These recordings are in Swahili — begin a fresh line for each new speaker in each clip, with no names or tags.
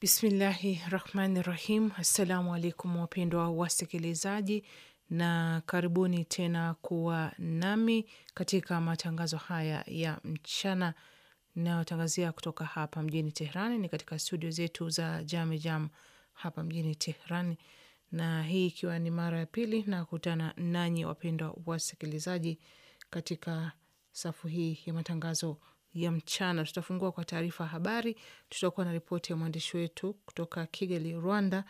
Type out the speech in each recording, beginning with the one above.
Bismillahi rahmani rahim. Assalamu alaikum wapendwa wasikilizaji, na karibuni tena kuwa nami katika matangazo haya ya mchana nayotangazia kutoka hapa mjini Teherani. Ni katika studio zetu za Jam Jam hapa mjini tehrani na hii ikiwa ni mara ya pili na kutana nanyi wapendwa wasikilizaji katika safu hii ya matangazo ya mchana tutafungua kwa taarifa habari. Tutakuwa na ripoti ya mwandishi wetu kutoka Kigali, Rwanda,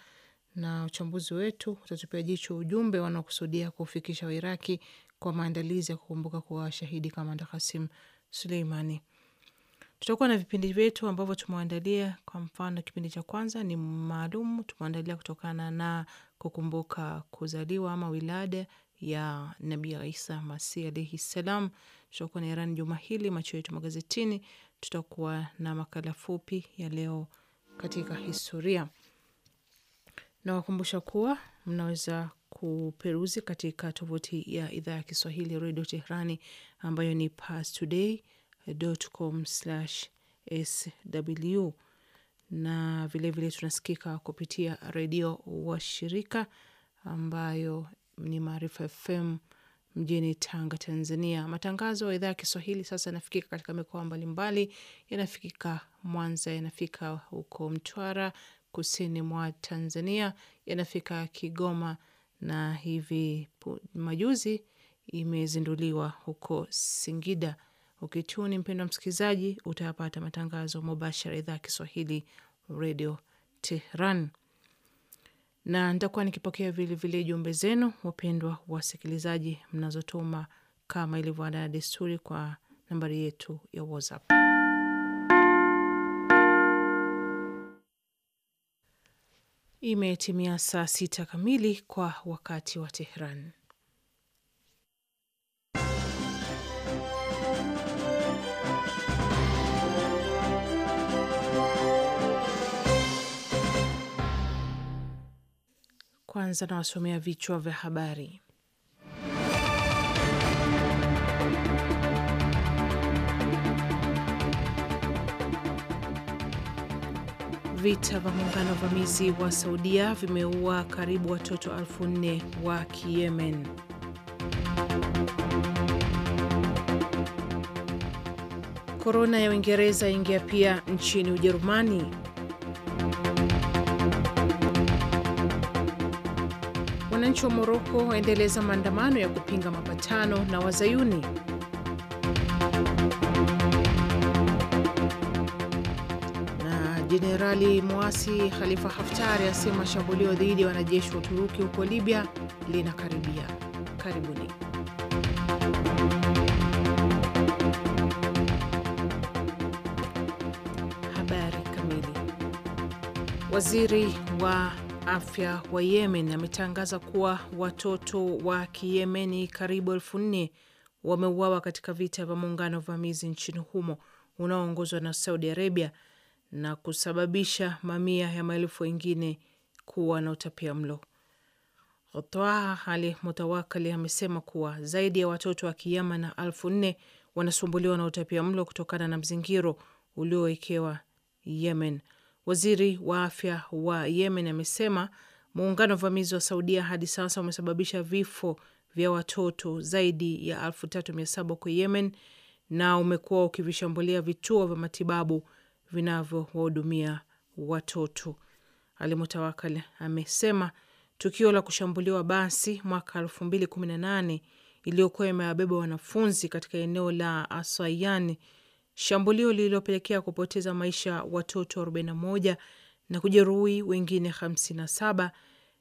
na uchambuzi wetu utatupia jicho ujumbe wanaokusudia kufikisha Wairaki kwa maandalizi ya kukumbuka kuwa washahidi kamanda Kasim Suleimani. Tutakuwa na vipindi vyetu ambavyo tumeandalia. Kwa mfano, kipindi cha kwanza ni maalum, tumeandalia kutokana na kukumbuka kuzaliwa ama wilada ya Nabii Isa Masih alaihi ssalam tutakuwa na Iran juma hili, macho yetu magazetini, tutakuwa na makala fupi ya leo katika historia. Nawakumbusha kuwa mnaweza kuperuzi katika tovuti ya idhaa ya Kiswahili Redio Teherani ambayo ni pastoday.com/sw na vilevile vile tunasikika kupitia redio washirika ambayo ni Maarifa FM mjini Tanga, Tanzania. Matangazo ya idhaa ya Kiswahili sasa yanafikika katika mikoa mbalimbali, yanafikika Mwanza, yanafika huko Mtwara, kusini mwa Tanzania, yanafika Kigoma na hivi majuzi imezinduliwa huko Singida. Ukituni mpendwa msikilizaji, utayapata matangazo mubashara idhaa ya Kiswahili redio Tehran na nitakuwa nikipokea vilevile jumbe zenu, wapendwa wasikilizaji, mnazotuma kama ilivyo ada desturi kwa nambari yetu ya WhatsApp. Imetimia saa sita kamili kwa wakati wa Tehran. Kwanza nawasomea vichwa vya habari. Vita vya muungano vamizi wa Saudia vimeua karibu watoto elfu nne wa Kiyemen. Korona ya Uingereza ingia pia nchini Ujerumani Wananchi wa Moroko waendeleza maandamano ya kupinga mapatano na Wazayuni. Na jenerali mwasi Khalifa Haftari asema shambulio dhidi ya wanajeshi wa Uturuki huko Libya linakaribia. Karibuni. Habari kamili. Waziri wa afya wa Yemen ametangaza kuwa watoto wa Kiyemeni karibu elfu nne wameuawa katika vita vya muungano vamizi nchini humo unaoongozwa na Saudi Arabia na kusababisha mamia ya maelfu wengine kuwa na utapia mlo. Toaha Ali Mutawakali amesema kuwa zaidi ya watoto wa na elfu nne wanasumbuliwa na utapia mlo kutokana na mzingiro uliowekewa Yemen. Waziri wa afya wa Yemen amesema muungano wa vamizi wa Saudia hadi sasa umesababisha vifo vya watoto zaidi ya 3700 kwa Yemen na umekuwa ukivishambulia vituo vya matibabu vinavyowahudumia watoto. Alimutawakal amesema tukio la kushambuliwa basi mwaka 2018 iliyokuwa imewabeba wanafunzi katika eneo la Aswayani shambulio lililopelekea kupoteza maisha watoto 41 na kujeruhi wengine 57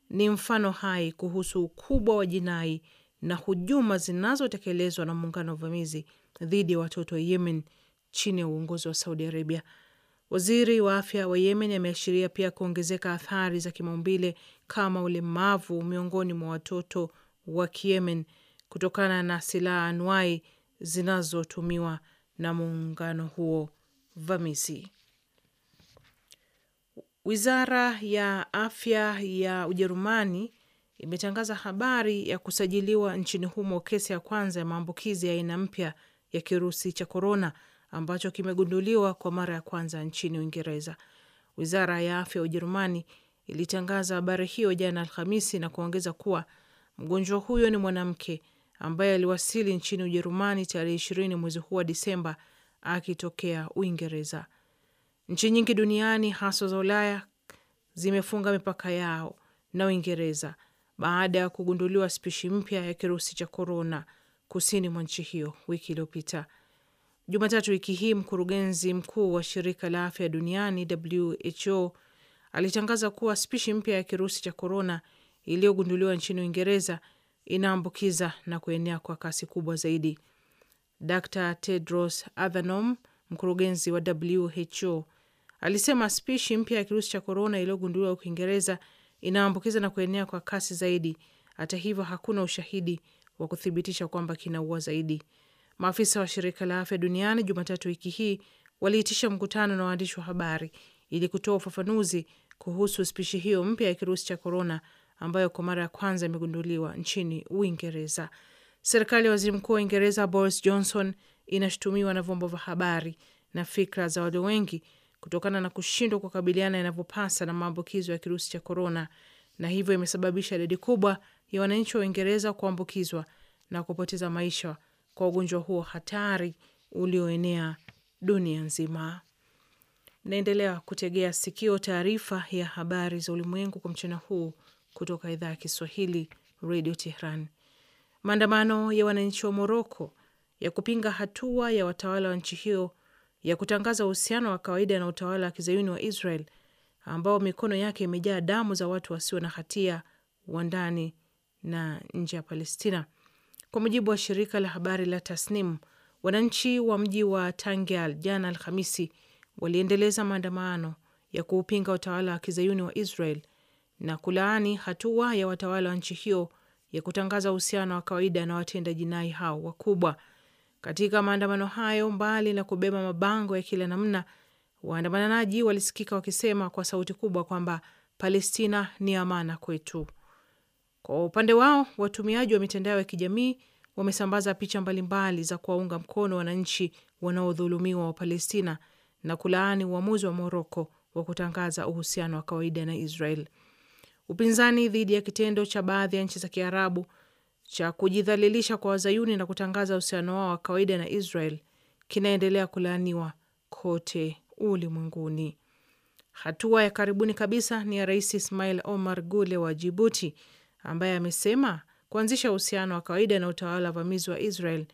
ni mfano hai kuhusu ukubwa wa jinai na hujuma zinazotekelezwa na muungano wa uvamizi dhidi ya watoto wa Yemen chini ya uongozi wa Saudi Arabia. Waziri wa afya wa Yemen ameashiria pia kuongezeka athari za kimaumbile kama ulemavu miongoni mwa watoto wa Kiyemen kutokana na silaha anuai zinazotumiwa na muungano huo vamizi. Wizara ya afya ya Ujerumani imetangaza habari ya kusajiliwa nchini humo kesi ya kwanza ya maambukizi ya aina mpya ya kirusi cha korona ambacho kimegunduliwa kwa mara ya kwanza nchini Uingereza. Wizara ya afya ya Ujerumani ilitangaza habari hiyo jana Alhamisi na kuongeza kuwa mgonjwa huyo ni mwanamke ambaye aliwasili nchini Ujerumani tarehe ishirini mwezi huu wa Disemba akitokea Uingereza. Nchi nyingi duniani haswa za Ulaya zimefunga mipaka yao na Uingereza baada ya kugunduliwa spishi mpya ya kirusi cha korona kusini mwa nchi hiyo wiki iliyopita. Jumatatu wiki hii, mkurugenzi mkuu wa shirika la afya duniani WHO alitangaza kuwa spishi mpya ya kirusi cha korona iliyogunduliwa nchini Uingereza inaambukiza na kuenea kwa kasi kubwa zaidi. Dr Tedros Adhanom, mkurugenzi wa WHO, alisema spishi mpya ya kirusi cha korona iliyogunduliwa Uingereza inaambukiza na kuenea kwa kasi zaidi. Hata hivyo, hakuna ushahidi wa kuthibitisha kwamba kinaua zaidi. Maafisa wa shirika la afya duniani Jumatatu wiki hii waliitisha mkutano na waandishi wa habari ili kutoa ufafanuzi kuhusu spishi hiyo mpya ya kirusi cha korona ambayo kwa mara ya kwanza imegunduliwa nchini Uingereza. Serikali ya waziri mkuu wa Uingereza Boris Johnson inashutumiwa na vyombo vya habari na fikra za walio wengi kutokana na kushindwa kukabiliana inavyopasa na maambukizo ya kirusi cha korona, na hivyo imesababisha idadi kubwa ya wananchi wa Uingereza kuambukizwa na kupoteza maisha kwa ugonjwa huo hatari ulioenea dunia nzima. Naendelea kutegea sikio taarifa ya habari za ulimwengu kwa mchana huu kutoka idhaa ya Kiswahili redio Tehran. Maandamano ya wananchi wa Moroko ya kupinga hatua ya watawala wa nchi hiyo ya kutangaza uhusiano wa kawaida na utawala wa kizayuni wa Israel ambao mikono yake imejaa damu za watu wasio na hatia wa ndani na nje ya Palestina. Kwa mujibu wa shirika la habari la Tasnim, wananchi wa mji wa Tangial jana Alhamisi waliendeleza maandamano ya kuupinga utawala wa kizayuni wa Israel na kulaani hatua ya watawala wa nchi hiyo ya kutangaza uhusiano wa kawaida na watenda jinai hao wakubwa. Katika maandamano hayo, mbali na kubeba mabango ya kila namna, waandamanaji walisikika wakisema kwa sauti kubwa kwamba Palestina ni amana kwetu. Kwa upande wao, watumiaji wa mitandao ya kijamii wamesambaza picha mbalimbali za kuwaunga mkono wananchi wanaodhulumiwa wa Palestina na kulaani uamuzi wa Moroko wa kutangaza uhusiano wa kawaida na Israel upinzani dhidi ya kitendo cha baadhi ya nchi za Kiarabu cha kujidhalilisha kwa wazayuni na kutangaza uhusiano wao wa kawaida na Israel kinaendelea kulaaniwa kote ulimwenguni. Hatua ya karibuni kabisa ni ya Rais Ismail Omar Gule wa Jibuti, ambaye amesema kuanzisha uhusiano wa kawaida na utawala vamizi wa Israel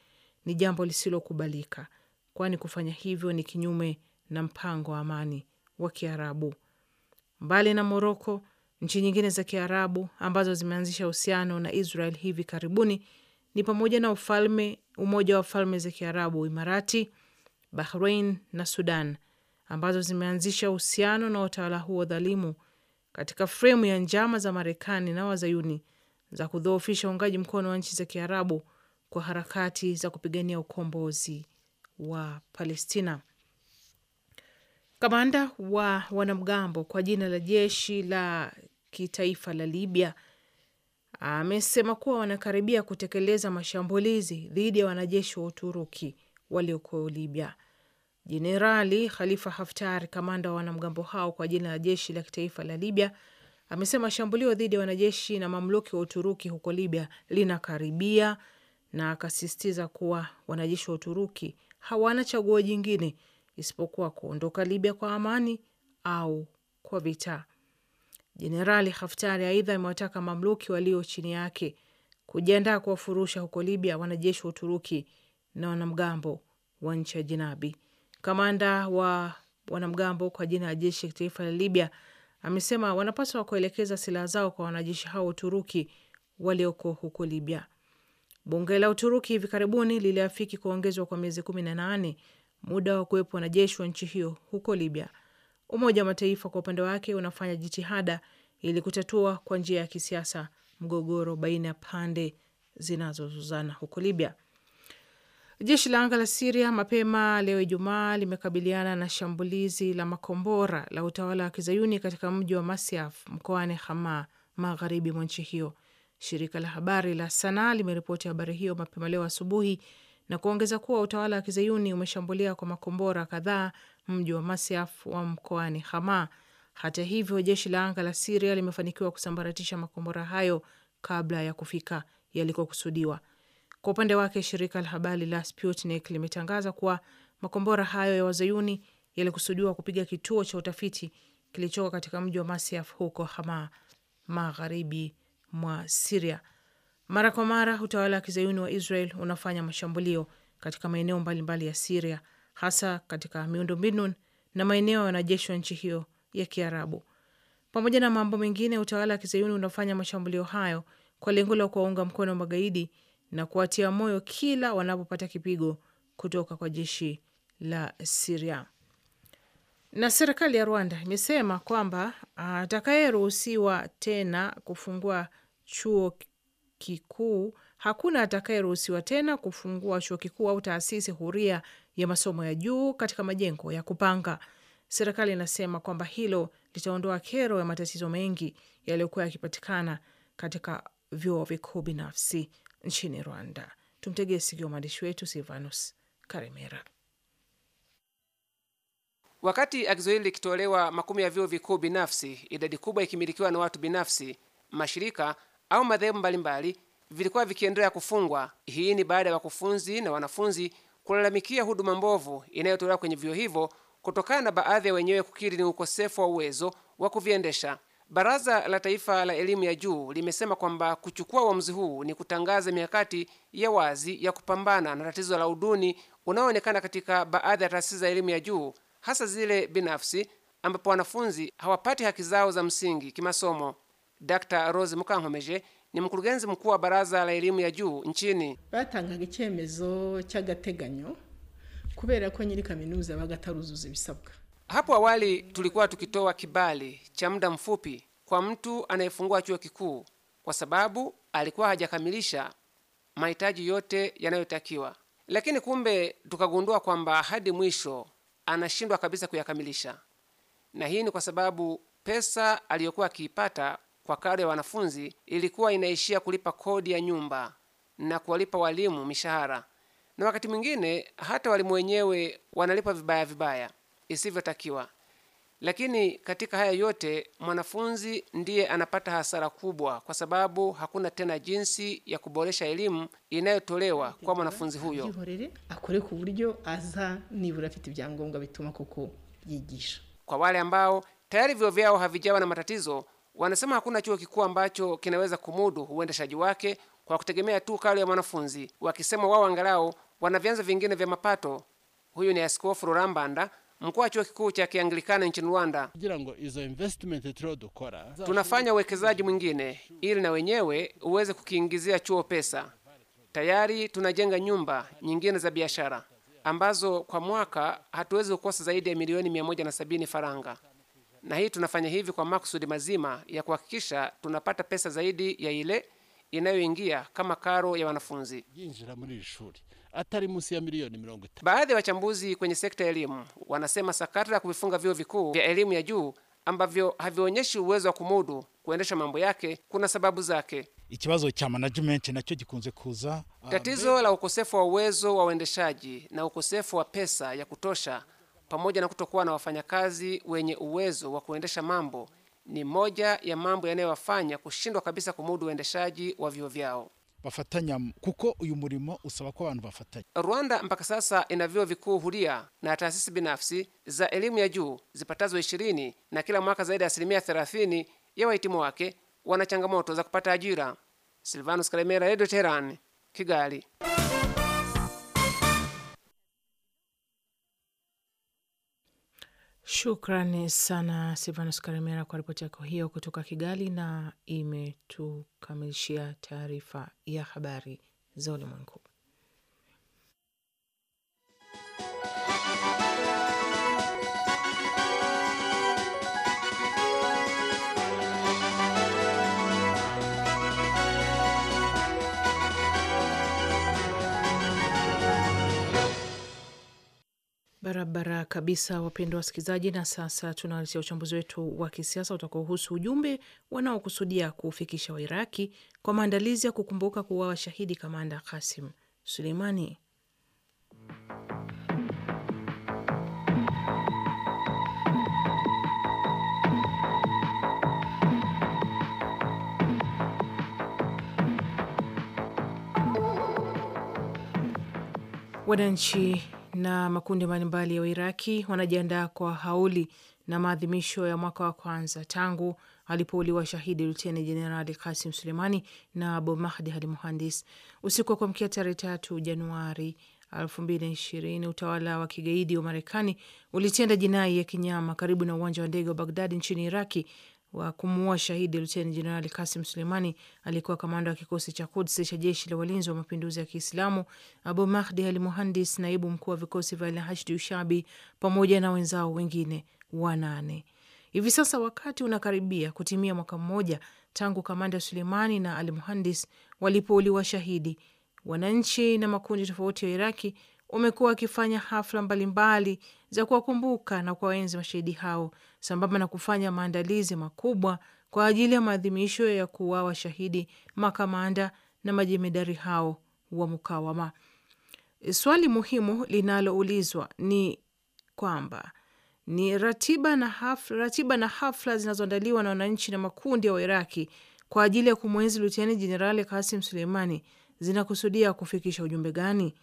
ni jambo lisilokubalika, kwani kufanya hivyo ni kinyume na mpango wa amani wa Kiarabu. Mbali na Moroko, Nchi nyingine za Kiarabu ambazo zimeanzisha uhusiano na Israel hivi karibuni ni pamoja na ufalme Umoja wa Falme za Kiarabu Imarati, Bahrain na Sudan ambazo zimeanzisha uhusiano na utawala huo dhalimu katika fremu ya njama za Marekani na Wazayuni za kudhoofisha uungaji mkono wa nchi za Kiarabu kwa harakati za kupigania ukombozi wa Palestina. Kamanda wa wanamgambo kwa jina la jeshi la kitaifa la Libya amesema kuwa wanakaribia kutekeleza mashambulizi dhidi ya wanajeshi wa Uturuki walioko Libya. Jenerali Khalifa Haftar, kamanda wa wanamgambo hao kwa jina la jeshi la kitaifa la Libya, amesema shambulio dhidi ya wanajeshi na mamluki wa Uturuki huko Libya linakaribia na akasisitiza kuwa wanajeshi wa Uturuki hawana chaguo jingine isipokuwa kuondoka Libya kwa amani au kwa vita Jenerali Haftari aidha amewataka mamluki walio chini yake kujiandaa kuwafurusha huko Libya wanajeshi wa Uturuki na wanamgambo wa nchi ya jinabi. Kamanda wa wanamgambo kwa jina ya jeshi la taifa la Libya amesema wanapaswa kuelekeza silaha zao kwa wanajeshi hao wa Uturuki walioko huko Libya. Bunge la Uturuki hivi karibuni liliafiki kuongezwa kwa miezi kumi na nane muda wa kuwepo wanajeshi wa nchi hiyo huko Libya. Umoja wa Mataifa kwa upande wake unafanya jitihada ili kutatua kwa njia ya kisiasa mgogoro baina ya pande zinazozuzana huko Libya. Jeshi la anga la Siria mapema leo Ijumaa limekabiliana na shambulizi la makombora la utawala wa kizayuni katika mji wa Masyaf mkoani Hama, magharibi mwa nchi hiyo. Shirika la habari la Sana limeripoti habari hiyo mapema leo asubuhi na kuongeza kuwa utawala wa kizayuni umeshambulia kwa makombora kadhaa mji wa Masyaf wa mkoani Hama. Hata hivyo, jeshi la anga la Siria limefanikiwa kusambaratisha makombora hayo kabla ya kufika yalikokusudiwa. Kwa upande wake, shirika la habari la Sputnik limetangaza kuwa makombora hayo ya wazayuni yalikusudiwa kupiga kituo cha utafiti kilichoko katika mji wa Masyaf huko Hama, magharibi mwa Siria. Mara kwa mara utawala wa kizayuni wa Israel unafanya mashambulio katika maeneo mbalimbali ya Siria hasa katika miundombinu na maeneo ya wanajeshi wa nchi hiyo ya Kiarabu. Pamoja na mambo mengine, utawala wa kizayuni unafanya mashambulio hayo kwa lengo la kuwaunga mkono magaidi na kuwatia moyo kila wanapopata kipigo kutoka kwa jeshi la Siria. Na serikali ya Rwanda imesema kwamba ah, atakayeruhusiwa tena kufungua chuo kikuu hakuna atakayeruhusiwa tena kufungua chuo kikuu au taasisi huria ya masomo ya juu katika majengo ya kupanga. Serikali inasema kwamba hilo litaondoa kero ya matatizo mengi yaliyokuwa yakipatikana katika vyuo vikuu binafsi nchini Rwanda. Tumtegee sikio mwandishi wetu Silvanus Karemera.
Wakati agizo hili likitolewa, makumi ya vyuo vikuu binafsi, idadi kubwa ikimilikiwa na watu binafsi, mashirika au madhehebu mbalimbali, vilikuwa vikiendelea kufungwa. Hii ni baada ya wakufunzi na wanafunzi kulalamikia huduma mbovu inayotolewa kwenye vyuo hivyo kutokana na baadhi ya wenyewe kukiri ni ukosefu wa uwezo wa kuviendesha. Baraza la Taifa la Elimu ya Juu limesema kwamba kuchukua uamuzi huu ni kutangaza mikakati ya wazi ya kupambana na tatizo la uduni unaoonekana katika baadhi ya taasisi za elimu ya juu, hasa zile binafsi, ambapo wanafunzi hawapati haki zao za msingi kimasomo. Dr Rose Mukankomeje ni mkurugenzi mkuu wa baraza la elimu ya juu nchini.
batangaga icyemezo cy'agateganyo kubera ko nyiri kaminuza bagataruzuza ibisabwa.
Hapo awali tulikuwa tukitoa kibali cha muda mfupi kwa mtu anayefungua chuo kikuu kwa sababu alikuwa hajakamilisha mahitaji yote yanayotakiwa, lakini kumbe tukagundua kwamba hadi mwisho anashindwa kabisa kuyakamilisha, na hii ni kwa sababu pesa aliyokuwa akiipata kwa karo ya wanafunzi ilikuwa inaishia kulipa kodi ya nyumba na kuwalipa walimu mishahara, na wakati mwingine hata walimu wenyewe wanalipwa vibaya vibaya isivyotakiwa. Lakini katika haya yote mwanafunzi ndiye anapata hasara kubwa, kwa sababu hakuna tena jinsi ya kuboresha elimu inayotolewa kwa mwanafunzi huyo. Kwa wale ambao tayari vyuo vyao havijawa na matatizo, Wanasema hakuna chuo kikuu ambacho kinaweza kumudu uendeshaji wake kwa kutegemea tu karo ya mwanafunzi, wakisema wao angalau wana vyanzo vingine vya mapato. Huyu ni Askofu Rurambanda, mkuu wa chuo kikuu cha Kianglikana nchini Rwanda. Tunafanya uwekezaji mwingine ili na wenyewe uweze kukiingizia chuo pesa. Tayari tunajenga nyumba nyingine za biashara ambazo kwa mwaka hatuwezi kukosa zaidi ya milioni 170 faranga na hii tunafanya hivi kwa makusudi mazima ya kuhakikisha tunapata pesa zaidi ya ile inayoingia kama karo ya wanafunzi. Baadhi ya wachambuzi kwenye sekta ya elimu wanasema sakata la kuvifunga vyuo vikuu vya elimu ya juu ambavyo havionyeshi uwezo wa kumudu kuendesha mambo yake kuna sababu zake.
Ikibazo cha management nacho gikunze kuza.
Ah, Tatizo la ukosefu wa uwezo wa uendeshaji na ukosefu wa pesa ya kutosha pamoja na kutokuwa na wafanyakazi wenye uwezo wa kuendesha mambo ni moja ya mambo yanayowafanya kushindwa kabisa kumudu uendeshaji wa vyuo vyao.
bafatanya kuko
uyu murimo usaba ko abantu bafatanya. Rwanda mpaka sasa ina vyuo vikuu huria na taasisi binafsi za elimu ya juu zipatazo ishirini, na kila mwaka zaidi ya asilimia thelathini ya wahitimu wake wana changamoto za kupata ajira. Silvanus Kalemera, Radio Teherani, Kigali.
Shukrani sana Silvanus karimera kwa ripoti yako hiyo kutoka Kigali, na imetukamilishia taarifa ya habari za ulimwengu. Barabara kabisa, wapendwa wasikilizaji. Na sasa tunawaletea uchambuzi wetu wa kisiasa utakaohusu ujumbe wanaokusudia kuufikisha Wairaki kwa maandalizi ya kukumbuka kuwa washahidi kamanda Kasim Suleimani. Wananchi na makundi mbalimbali ya Wairaki wanajiandaa kwa hauli na maadhimisho ya mwaka wa kwanza tangu alipouliwa shahidi Luteni Jenerali Kasim Sulemani na Abu Mahdi Al Muhandis usiku wa kuamkia tarehe tatu Januari elfu mbili na ishirini. Utawala wa kigaidi wa Marekani ulitenda jinai ya kinyama karibu na uwanja wa ndege wa Bagdadi nchini Iraki wa kumuua shahidi Luteni Jenerali Kasim Suleimani aliyekuwa kamanda wa kikosi cha Kudsi cha jeshi la walinzi wa mapinduzi ya Kiislamu, Abu Mahdi al Muhandis, naibu mkuu wa vikosi vya alhashdi Ushabi pamoja na wenzao wengine wanane. Hivi sasa wakati unakaribia kutimia mwaka mmoja tangu kamanda Suleimani na al Muhandis walipouliwa shahidi. Wananchi na makundi tofauti ya Iraki umekuwa wakifanya hafla mbalimbali za kuwakumbuka na kuwaenzi mashahidi hao sambamba na kufanya maandalizi makubwa kwa ajili ya maadhimisho ya kuuawa shahidi makamanda na majemedari hao wa mukawama. Swali muhimu linaloulizwa ni kwamba ni ratiba na hafla, ratiba na hafla zinazoandaliwa na wananchi na makundi ya Wairaki kwa ajili ya kumwenzi Luteni Jenerali Kasim Suleimani zinakusudia kufikisha ujumbe gani?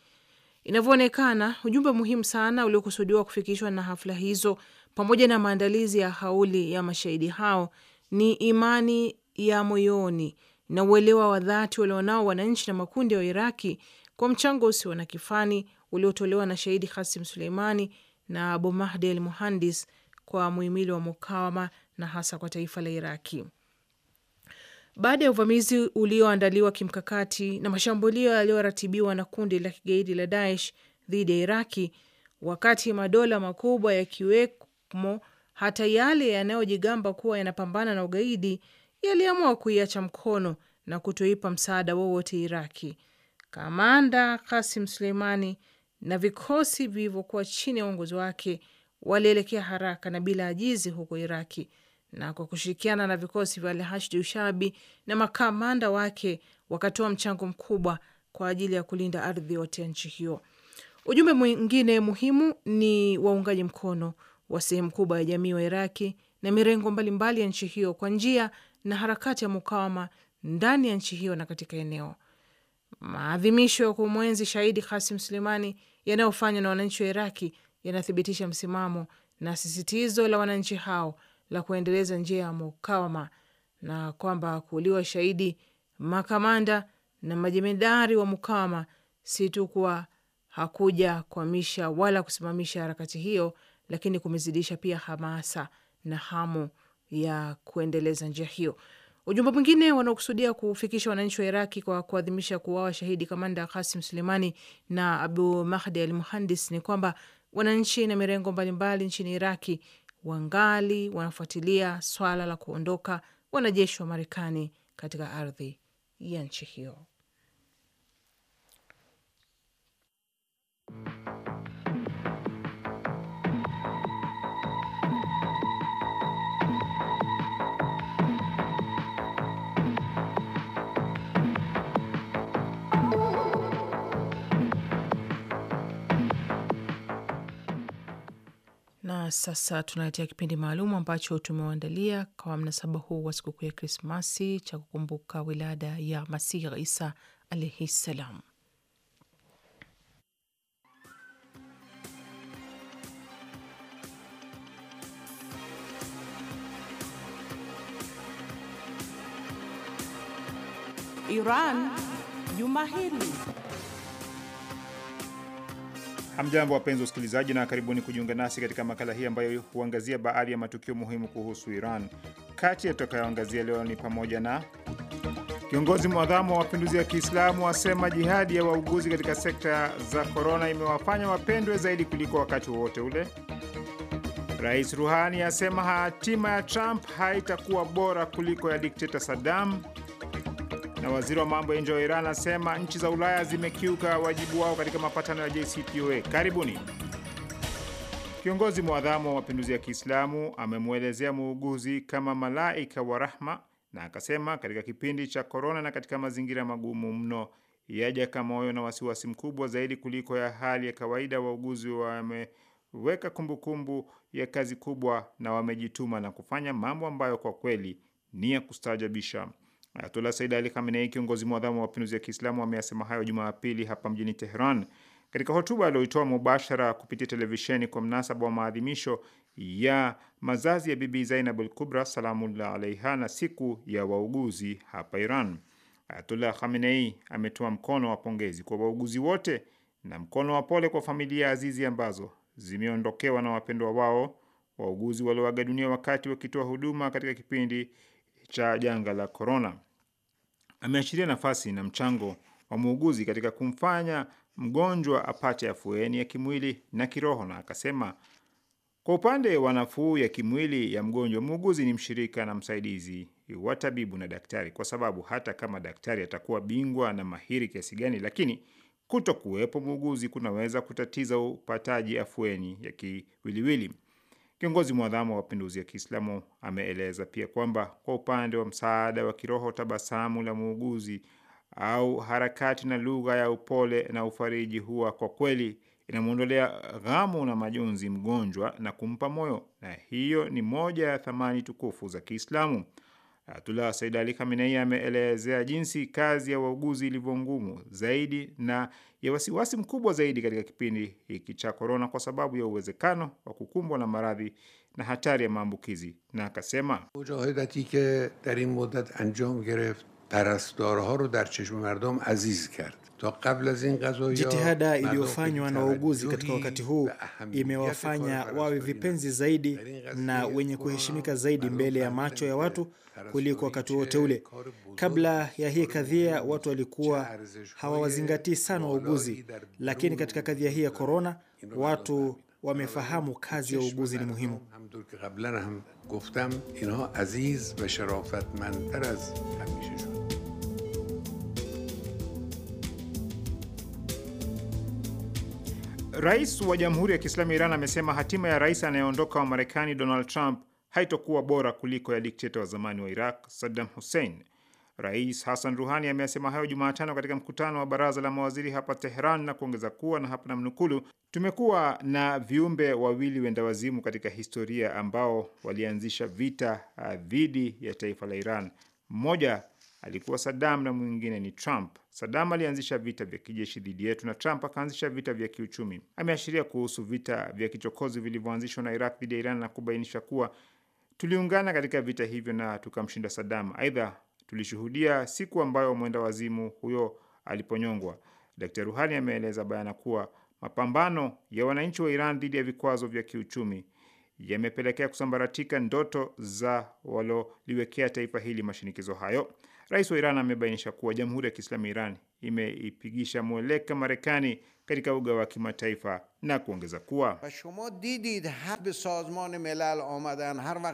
Inavyoonekana, ujumbe muhimu sana uliokusudiwa kufikishwa na hafla hizo, pamoja na maandalizi ya hauli ya mashahidi hao, ni imani ya moyoni na uelewa wa dhati walionao wananchi na makundi ya Iraki kwa mchango usio na kifani uliotolewa na shahidi Hasim Suleimani na Abu Mahdi al Muhandis kwa muhimili wa mukawama na hasa kwa taifa la Iraki baada ya uvamizi ulioandaliwa kimkakati na mashambulio yaliyoratibiwa na kundi la kigaidi la Daesh dhidi ya Iraki, wakati madola makubwa yakiwemo hata yale yanayojigamba kuwa yanapambana na ugaidi yaliamua kuiacha mkono na kutoipa msaada wowote Iraki. Kamanda Kasim Suleimani na vikosi vilivyokuwa chini ya uongozi wake walielekea haraka na bila ajizi huko Iraki na kwa kushirikiana na vikosi vya Alhashdi Ushabi na makamanda wake wakatoa mchango mkubwa kwa ajili ya kulinda ardhi yote ya nchi hiyo. Ujumbe mwingine muhimu ni waungaji mkono wa sehemu kubwa ya jamii wa Iraki na mirengo mbalimbali ya nchi hiyo kwa njia na harakati ya mukawama ndani ya nchi hiyo na katika eneo. Maadhimisho ya kumwenzi shahidi Kasim Sulemani yanayofanywa na wananchi wa Iraki yanathibitisha msimamo na sisitizo la wananchi hao la kuendeleza njia ya mukawama na kwamba kuuliwa shahidi makamanda na majemedari wa mukawama si tu kuwa hakuja kuamisha wala kusimamisha harakati hiyo, lakini kumezidisha pia hamasa na hamu ya kuendeleza njia hiyo. Ujumbe mwingine wanaokusudia kufikisha wananchi wa Iraki kwa kuadhimisha kuwawa shahidi kamanda Kasim Sulemani na Abu Mahdi al Muhandis ni kwamba wananchi na mirengo mbalimbali nchini Iraki wangali wanafuatilia swala la kuondoka wanajeshi wa Marekani katika ardhi ya nchi hiyo. Na sasa tunaletea kipindi maalum ambacho tumewaandalia kwa mnasaba huu wa sikukuu ya Krismasi cha kukumbuka wilada ya Masihi Isa alaihi ssalam. Iran Juma hili
Hamjambo, wapenzi wasikilizaji, na karibuni kujiunga nasi katika makala hii ambayo huangazia baadhi ya matukio muhimu kuhusu Iran. Kati ya tutakayoangazia leo ni pamoja na kiongozi mwadhamu wa mapinduzi ya Kiislamu asema jihadi ya wauguzi katika sekta za korona imewafanya wapendwe zaidi kuliko wakati wowote ule. Rais Ruhani asema hatima ya Trump haitakuwa bora kuliko ya dikteta Saddam na waziri wa mambo ya nje wa Iran anasema nchi za Ulaya zimekiuka wajibu wao katika mapatano ya JCPOA. Karibuni. Kiongozi mwadhamu wa mapinduzi ya Kiislamu amemwelezea muuguzi kama malaika wa rahma na akasema katika kipindi cha korona na katika mazingira magumu mno yaja kamoyo na wasiwasi mkubwa zaidi kuliko ya hali ya kawaida, wauguzi wameweka kumbukumbu ya kazi kubwa na wamejituma na kufanya mambo ambayo kwa kweli ni ya kustaajabisha. Ayatollah Said Ali Khamenei, kiongozi mwadhamu wa mapinduzi ya Kiislamu, ameyasema hayo Jumapili hapa mjini Teheran katika hotuba aliyoitoa mubashara kupitia televisheni kwa mnasaba wa maadhimisho ya mazazi ya Bibi Zainab al-Kubra salamullah alaiha na siku ya wauguzi hapa Iran. Ayatullah Khamenei ametoa mkono wa pongezi kwa wauguzi wote na mkono wa pole kwa familia azizi ambazo zimeondokewa na wapendwa wao wauguzi walioaga dunia wakati wakitoa huduma katika kipindi cha janga la korona. Ameashiria nafasi na mchango wa muuguzi katika kumfanya mgonjwa apate afueni ya kimwili na kiroho, na akasema kwa upande wa nafuu ya kimwili ya mgonjwa, muuguzi ni mshirika na msaidizi wa tabibu na daktari, kwa sababu hata kama daktari atakuwa bingwa na mahiri kiasi gani, lakini kuto kuwepo muuguzi kunaweza kutatiza upataji afueni ya kiwiliwili. Kiongozi mwadhamu wa mapinduzi ya Kiislamu ameeleza pia kwamba kwa upande wa msaada wa kiroho, tabasamu la muuguzi au harakati na lugha ya upole na ufariji huwa kwa kweli inamwondolea ghamu na majonzi mgonjwa na kumpa moyo, na hiyo ni moja ya thamani tukufu za Kiislamu. Ayatullah Said Ali Khamenei ameelezea jinsi kazi ya wauguzi ilivyo ngumu zaidi na ya wasiwasi mkubwa zaidi katika kipindi hiki cha korona, kwa sababu ya uwezekano wa kukumbwa na maradhi na hatari ya maambukizi, na akasema
mujahidati ke dar in muddat anjam gereft parastarha ro dar cheshme mardom aziz kard Jitihada iliyofanywa na
wauguzi katika wakati huu imewafanya wawe vipenzi zaidi na wenye kuheshimika zaidi mbele ya macho ya watu kuliko wakati wote ule. Kabla ya hii kadhia, watu walikuwa hawawazingatii sana wauguzi, lakini katika kadhia hii ya korona, watu wamefahamu kazi ya wauguzi ni muhimu.
Rais wa Jamhuri ya Kiislamu ya Iran amesema hatima ya rais anayeondoka wa Marekani Donald Trump haitokuwa bora kuliko ya dikteta wa zamani wa Iraq Saddam Hussein. Rais Hassan Ruhani ameyasema hayo Jumatano katika mkutano wa baraza la mawaziri hapa Teheran na kuongeza kuwa na hapa namnukulu tumekuwa na viumbe wawili wendawazimu katika historia ambao walianzisha vita ah, dhidi ya taifa la Iran. Mmoja alikuwa Saddam na mwingine ni Trump. Sadam alianzisha vita vya kijeshi dhidi yetu na Trump akaanzisha vita vya kiuchumi. Ameashiria kuhusu vita vya kichokozi vilivyoanzishwa na Iraq dhidi ya Iran na kubainisha kuwa tuliungana katika vita hivyo na tukamshinda Saddam. Aidha, tulishuhudia siku ambayo mwenda wazimu huyo aliponyongwa. Dkt. Ruhani ameeleza bayana kuwa mapambano ya wananchi wa Iran dhidi ya vikwazo vya kiuchumi yamepelekea kusambaratika ndoto za waloliwekea taifa hili mashinikizo hayo. Rais wa Iran amebainisha kuwa Jamhuri ya Kiislamu ya Iran imeipigisha mweleka Marekani katika uga wa kimataifa na kuongeza kuwa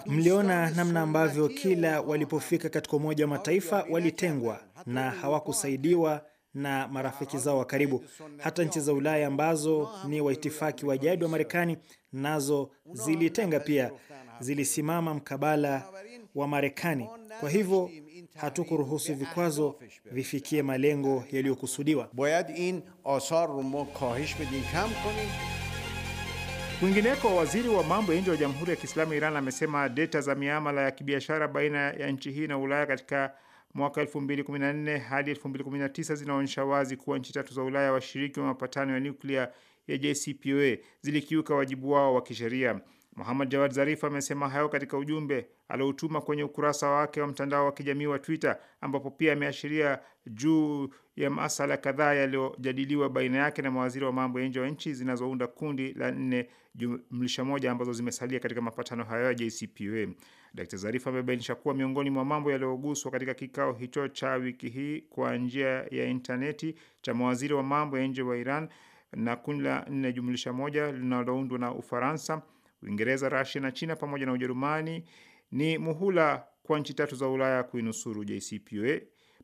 mliona namna ambavyo kila walipofika katika Umoja wa Mataifa
walitengwa na hawakusaidiwa na marafiki zao wa karibu. Hata nchi za Ulaya ambazo ni waitifaki wa jadi wa Marekani nazo zilitenga pia, zilisimama mkabala wa Marekani. Kwa hivyo hatukuruhusu vikwazo vifikie malengo yaliyokusudiwa.
Kwingineko, waziri wa mambo ya nje wa Jamhuri ya Kiislamu ya Iran amesema deta za miamala ya kibiashara baina ya nchi hii na Ulaya katika mwaka 2014 hadi 2019 zinaonyesha wazi kuwa nchi tatu za Ulaya washiriki wa mapatano ya nuklia ya JCPOA zilikiuka wajibu wao wa kisheria. Muhammad Jawad Zarif amesema hayo katika ujumbe aliotuma kwenye ukurasa wake wa mtandao wa kijamii wa Twitter ambapo pia ameashiria juu ya masala kadhaa yaliyojadiliwa baina yake na mawaziri wa mambo ya nje wa nchi zinazounda kundi la nne jumlisha moja ambazo zimesalia katika mapatano hayo ya JCPOA. Dr. Zarif amebainisha kuwa miongoni mwa mambo yaliyoguswa katika kikao hicho cha wiki hii kwa njia ya intaneti cha mawaziri wa mambo ya nje wa Iran na kundi la nne jumlisha moja linaloundwa na Ufaransa Uingereza, Rasia na China pamoja na Ujerumani ni muhula kwa nchi tatu za Ulaya kuinusuru JCPOA.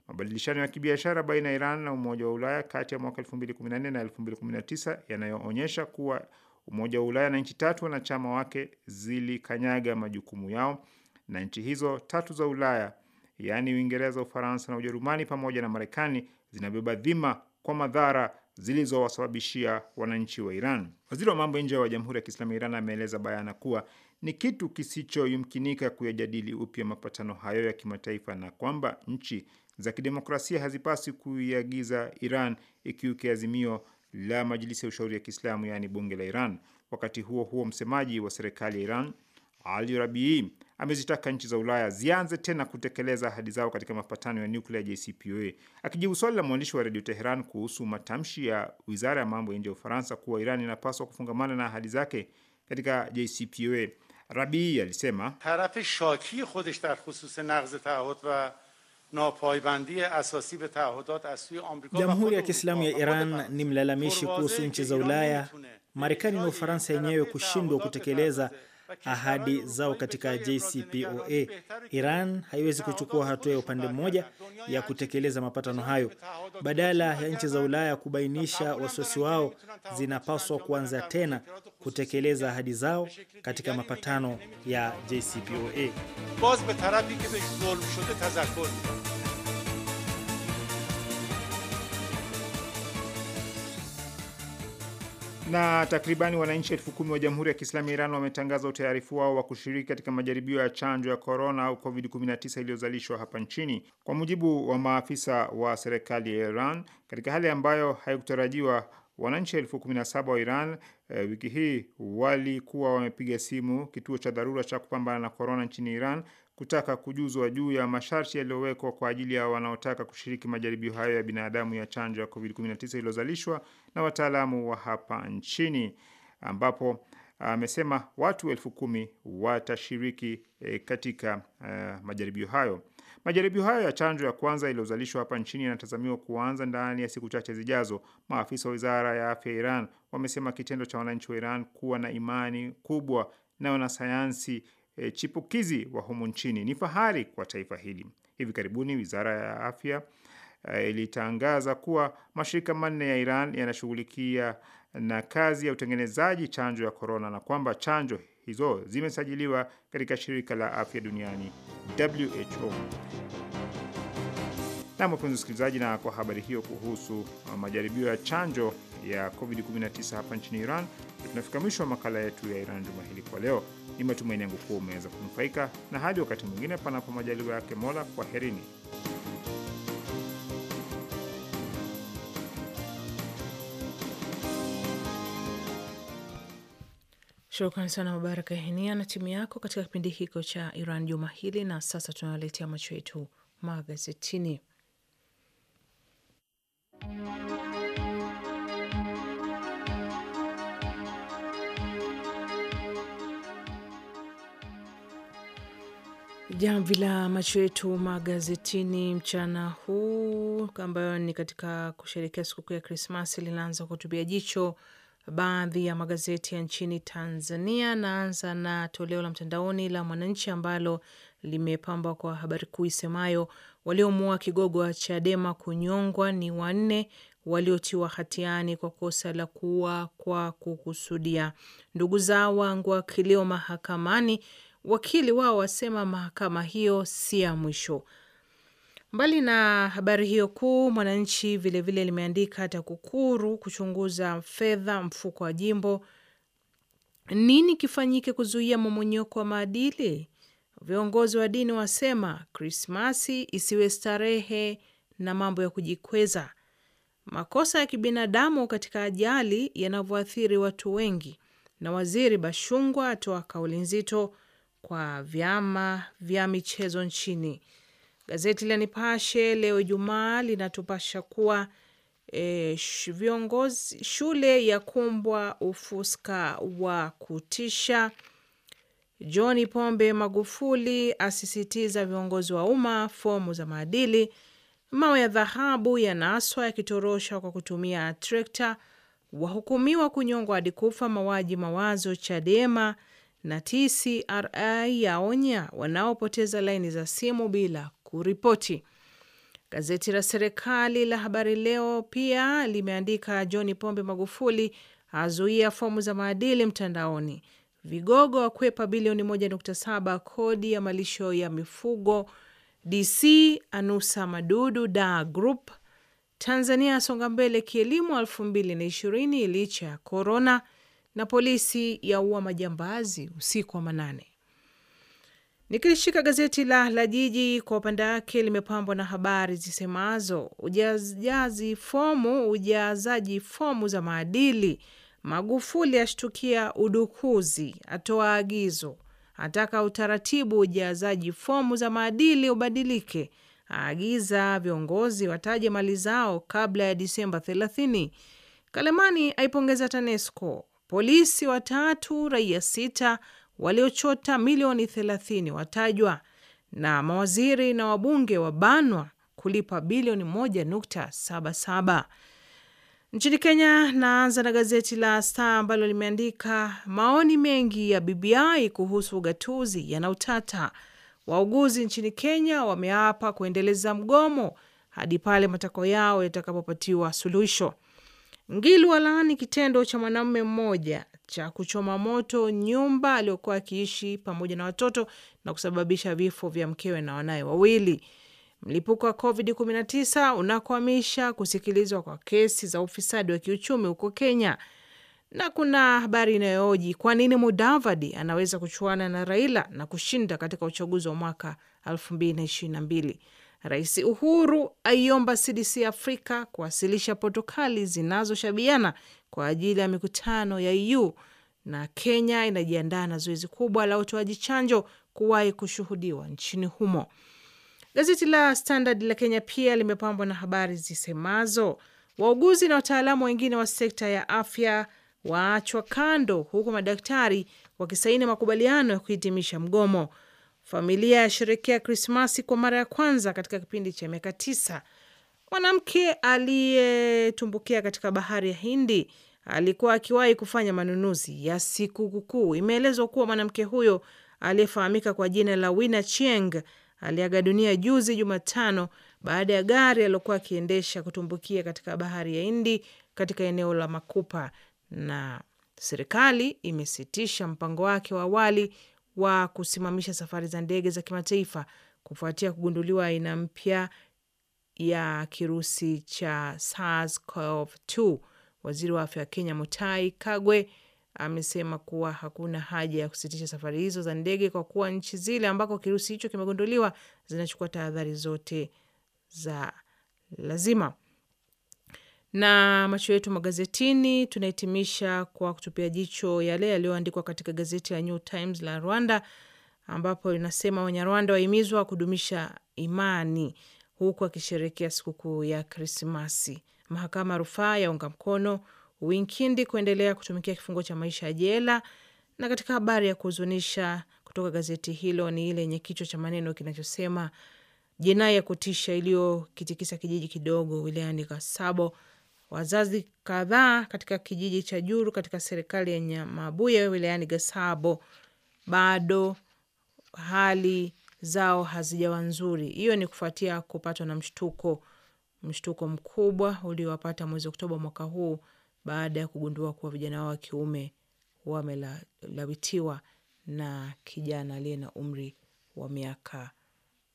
Mabadilishano ya kibiashara baina ya Iran na Umoja wa Ulaya kati ya mwaka 2014 na 2019 yanayoonyesha kuwa Umoja wa Ulaya na nchi tatu wanachama wake zilikanyaga majukumu yao na nchi hizo tatu za Ulaya yaani Uingereza, Ufaransa na Ujerumani pamoja na Marekani zinabeba dhima kwa madhara zilizowasababishia wananchi wa Iran. Waziri wa mambo ya nje wa Jamhuri ya Kiislamu ya Iran ameeleza bayana kuwa ni kitu kisichoyumkinika kuyajadili upya mapatano hayo ya kimataifa na kwamba nchi za kidemokrasia hazipasi kuiagiza Iran ikiuke azimio la Majilisi ya Ushauri ya Kiislamu, yaani bunge la Iran. Wakati huo huo, msemaji wa serikali ya Iran ali Rabii amezitaka nchi za Ulaya zianze tena kutekeleza ahadi zao katika mapatano ya nyuklia JCPOA. Akijibu swali la mwandishi wa redio Teheran kuhusu matamshi ya wizara ya mambo ya nje ya Ufaransa kuwa Iran inapaswa kufungamana na ahadi zake katika JCPOA, Rabii alisema
tarafe shaki khodesh dar khusus naqz taahud va
Jamhuri ya Kiislamu ya Iran ni mlalamishi kuhusu nchi za Ulaya, Marekani na Ufaransa yenyewe kushindwa kutekeleza ahadi zao katika JCPOA. Iran haiwezi kuchukua hatua ya upande mmoja ya kutekeleza mapatano hayo. Badala ya nchi za Ulaya kubainisha wasiwasi wao, zinapaswa kuanza tena kutekeleza ahadi zao katika mapatano
ya JCPOA.
Na takribani wananchi elfu kumi wa Jamhuri ya Kiislamu ya Iran wametangaza utayarifu wao wa kushiriki katika majaribio ya chanjo ya korona au covid-19 iliyozalishwa hapa nchini, kwa mujibu wa maafisa wa serikali ya Iran, katika hali ambayo haikutarajiwa. Wananchi elfu kumi na saba wa Iran e, wiki hii walikuwa wamepiga simu kituo cha dharura cha kupambana na korona nchini Iran kutaka kujuzwa juu ya masharti yaliyowekwa kwa ajili ya wanaotaka kushiriki majaribio hayo ya binadamu ya chanjo ya COVID-19 iliyozalishwa na wataalamu wa hapa nchini, ambapo amesema watu elfu kumi watashiriki eh, katika uh, majaribio hayo. Majaribio hayo ya chanjo ya kwanza iliyozalishwa hapa nchini yanatazamiwa kuanza ndani ya siku chache zijazo. Maafisa wa wizara ya afya ya Iran wamesema kitendo cha wananchi wa Iran kuwa na imani kubwa na wanasayansi e, chipukizi wa humu nchini. Ni fahari kwa taifa hili. Hivi karibuni wizara ya afya e, ilitangaza kuwa mashirika manne ya Iran yanashughulikia eh, na kazi ya utengenezaji chanjo ya korona na kwamba chanjo hizo zimesajiliwa katika shirika la afya duniani WHO. Na mpenzi msikilizaji, na kwa habari hiyo kuhusu uh, majaribio ya chanjo ya COVID-19 hapa nchini Iran, tunafika mwisho wa makala yetu ya Iran juma hili kwa leo. Ni matumaini yangu kuwa umeweza kunufaika, na hadi wakati mwingine, panapo majaliwa yake Mola, kwaherini.
Shukran sana Mubaraka Henia na timu yako katika kipindi hiko cha Iran juma hili. Na sasa tunawaletea macho yetu magazetini. Jamvi la macho yetu magazetini mchana huu ambayo ni katika kusherekea sikukuu ya Krismasi linaanza kutubia jicho baadhi ya magazeti ya nchini Tanzania. Naanza na toleo la mtandaoni la Mwananchi ambalo limepambwa kwa habari kuu isemayo waliomuua kigogo wa Chadema kunyongwa ni wanne, waliotiwa hatiani kwa kosa la kuua kwa kukusudia, ndugu zao waangua kilio mahakamani, Wakili wao wasema mahakama hiyo si ya mwisho. Mbali na habari hiyo kuu, Mwananchi vilevile limeandika TAKUKURU kuchunguza fedha mfuko wa jimbo. Nini kifanyike kuzuia momonyoko wa maadili? Viongozi wa dini wasema Krismasi isiwe starehe na mambo ya kujikweza. Makosa ya kibinadamu katika ajali yanavyoathiri watu wengi, na waziri Bashungwa atoa kauli nzito kwa vyama vya michezo nchini. Gazeti la Nipashe leo Ijumaa linatupasha kuwa e, viongozi shule ya kumbwa ufuska wa kutisha. John Pombe Magufuli asisitiza viongozi wa umma fomu za maadili. Mawe ya dhahabu yanaswa yakitoroshwa kwa kutumia trekta. Wahukumiwa kunyongwa hadi kufa mauaji mawazo Chadema na TCRI yaonya wanaopoteza laini za simu bila kuripoti. Gazeti la serikali la Habari Leo pia limeandika John Pombe Magufuli azuia fomu za maadili mtandaoni, vigogo wakwepa bilioni 1.7 kodi ya malisho ya mifugo, DC anusa madudu da group, Tanzania asonga mbele kielimu 2020 licha ya korona na polisi yaua majambazi usiku wa manane. Nikilishika gazeti la La Jiji kwa upande wake limepambwa na habari zisemazo ujazaji fomu ujazaji fomu za maadili, Magufuli ashtukia udukuzi, atoa agizo, ataka utaratibu ujazaji fomu za maadili ubadilike, aagiza viongozi wataje mali zao kabla ya Disemba 30. Kalemani aipongeza TANESCO Polisi watatu raia sita waliochota milioni thelathini watajwa, na mawaziri na wabunge wabanwa kulipa bilioni moja nukta saba. Nchini Kenya, naanza na gazeti la Star ambalo limeandika maoni mengi ya BBI kuhusu ugatuzi yana utata. Wauguzi nchini Kenya wameapa kuendeleza mgomo hadi pale matakwa yao yatakapopatiwa suluhisho. Ngilu alaani kitendo cha mwanamume mmoja cha kuchoma moto nyumba aliyokuwa akiishi pamoja na watoto na kusababisha vifo vya mkewe na wanaye wawili. Mlipuko wa COVID-19 unakwamisha kusikilizwa kwa kesi za ufisadi wa kiuchumi huko Kenya, na kuna habari inayooji kwa nini Mudavadi anaweza kuchuana na Raila na kushinda katika uchaguzi wa mwaka 2022. Rais Uhuru aiomba CDC Afrika kuwasilisha protokali zinazoshabiana kwa ajili ya mikutano ya EU, na Kenya inajiandaa na zoezi kubwa la utoaji chanjo kuwahi kushuhudiwa nchini humo. Gazeti la Standard la Kenya pia limepambwa na habari zisemazo wauguzi na wataalamu wengine wa sekta ya afya waachwa kando, huku madaktari wakisaini makubaliano ya kuhitimisha mgomo. Familia yasherekea Krismasi kwa mara ya kwanza katika kipindi cha miaka tisa. Mwanamke aliyetumbukia katika bahari ya Hindi alikuwa akiwahi kufanya manunuzi ya sikukuu. Imeelezwa kuwa mwanamke huyo aliyefahamika kwa jina la Wina Chieng aliaga dunia juzi Jumatano baada ya gari aliokuwa akiendesha kutumbukia katika bahari ya Hindi katika eneo la Makupa, na serikali imesitisha mpango wake wa awali wa kusimamisha safari za ndege za kimataifa kufuatia kugunduliwa aina mpya ya kirusi cha SARS-CoV-2. Waziri wa afya wa Kenya Mutai Kagwe amesema kuwa hakuna haja ya kusitisha safari hizo za ndege kwa kuwa nchi zile ambako kirusi hicho kimegunduliwa zinachukua tahadhari zote za lazima na macho yetu magazetini tunahitimisha kwa kutupia jicho yale yaliyoandikwa katika gazeti la New Times la Rwanda, ambapo linasema Wanyarwanda wahimizwa kudumisha imani huku akisherekea sikukuu ya Krismasi. Mahakama rufaa yaunga mkono Winkindi kuendelea kutumikia kifungo cha maisha jela. Na katika habari ya kuhuzunisha kutoka gazeti hilo ni ile yenye kichwa cha maneno kinachosema jinai ya kutisha iliyokitikisa kijiji kidogo wilayani Kasabo Wazazi kadhaa katika kijiji cha Juru katika serikali ya Nyamabuye wilayani Gasabo bado hali zao hazijawa nzuri. Hiyo ni kufuatia kupatwa na mshtuko mshtuko mkubwa uliowapata mwezi Oktoba mwaka huu baada ya kugundua kuwa vijana wao wa kiume wamelawitiwa na kijana aliye na umri wa miaka